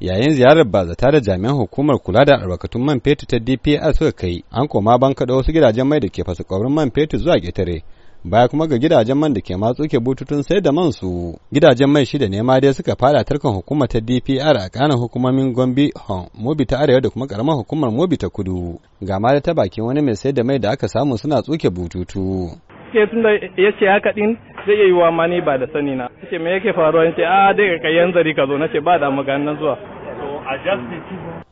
yayin ziyarar bazata da jami'an hukumar kula da albarkatun man fetur ta DPR suka kai an koma ban da wasu gidajen mai da ke fasa man fetur zuwa ƙetare baya kuma ga gidajen man da ke matso ke bututun sai da man su gidajen mai shida ne ma dai suka fada tarkan hukumar ta DPR a kanan hukumomin Gombe Hon Mobi ta Arewa da kuma karamar hukumar Mobi ta Kudu ga ma ta bakin wani mai sai da mai da aka samu suna tsuke bututu ke tun da ya ce haka din zai iya yiwa ma ba da sani na ce me yake faruwa ce a ah, dai ka yanzari ka zo na ce ba da maganin zuwa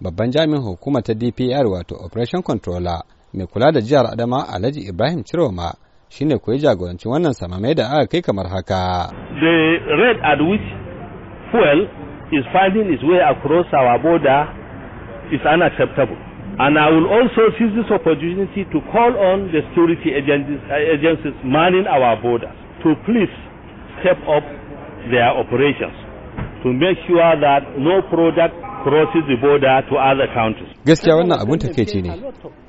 Babban jami'in hukuma ta DPR wato Operation Controller mai kula da jihar Adama Alhaji Ibrahim Ciroma shine koyi jagoranci wannan samamai da aka kai kamar haka. The rate at which fuel is finding its way across our border is unacceptable. And I will also seize this opportunity to call on the security agencies, agencies manning our borders to please step up their operations to make sure that no product crosses the border to other countries. Gaskiya wannan abun takeici ne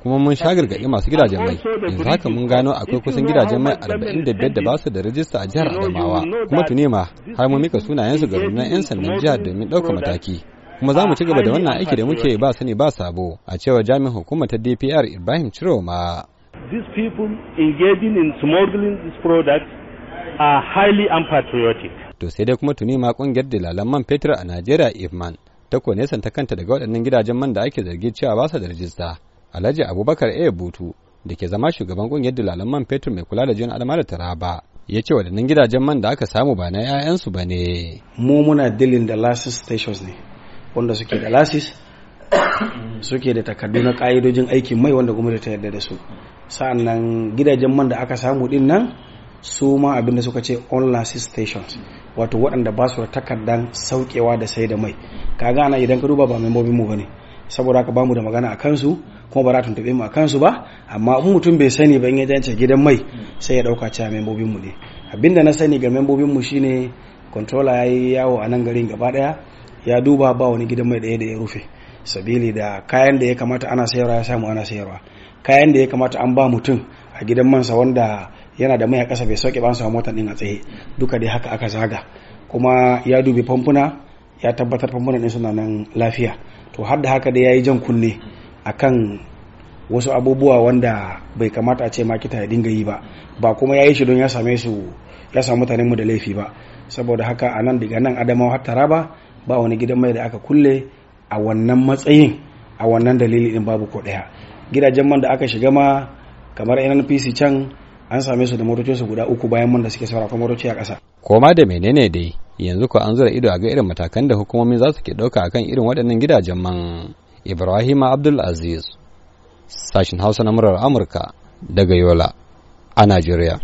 kuma mun sha gargaɗi masu gidajen mai yanzu haka mun gano akwai kusan gidajen mai arba'in da biyar da ba su da rajista a jihar Adamawa kuma tuni ma har mun mika sunayensu ga rundunar 'yan sandan jihar domin ɗaukar mataki. kuma za mu ci gaba da wannan aiki da muke ba sani ba sabo a cewa jami'in hukumar ta DPR Ibrahim Chiroma. These people engaging in smuggling this product are highly unpatriotic. To sai dai kuma tuni ma kungiyar dalalan man fetur a Najeriya Ifman ta ko nesanta kanta daga waɗannan gidajen man da ake zargi cewa ba su da rajista alhaji abubakar a butu da ke zama shugaban ƙungiyar dalalan man fetur mai kula da jiyan adama da taraba ya ce waɗannan gidajen man da aka samu ba na 'ya'yansu ba ne mu muna dilin da lasis stations ne wanda suke da lasis suke da takardu na ƙa'idojin aikin mai wanda gwamnati ta yarda da su sa'annan gidajen man da aka samu din nan su ma abinda suka ce on lasis stations wato waɗanda ba su da takardan saukewa da sai da mai ka gana idan ka duba ba membobin mu bane saboda haka bamu da magana a kansu kuma ba za tuntuɓe mu a kansu ba amma in mutum bai sani ba in ya jance gidan mai sai ya ɗauka cewa membobin mu ne da na sani ga membobin mu shine controller ya yi yawo a nan garin gaba daya ya duba ba wani gidan mai daya da ya rufe sabili da kayan da ya kamata ana sayarwa ya samu ana sayarwa kayan da ya kamata an ba mutum a gidan mansa wanda yana da mai a ƙasa bai sauke ba an samu motar din a tsaye duka dai haka aka zaga kuma ya dubi famfuna ya tabbatar famfuna din suna nan lafiya to har da haka dai yayi jan kunne akan wasu abubuwa wanda bai kamata a ce makita ya dinga yi ba ba kuma ya yi shi don ya same su ya samu mutanen mu da laifi ba saboda haka a nan daga nan adama har taraba ba wani gidan mai da aka kulle a wannan matsayin a wannan dalili din babu ko daya gidajen man da aka shiga ma kamar nnpc can an same su da motocinsu guda uku bayan mun da suke saura motoci a ƙasa. Koma da menene dai yanzu ko an zura ido a ga irin matakan da hukumomi za su ke ɗauka akan irin waɗannan gidajen man Ibrahim Abdul Aziz sashin Hausa na murar Amurka daga Yola a Najeriya.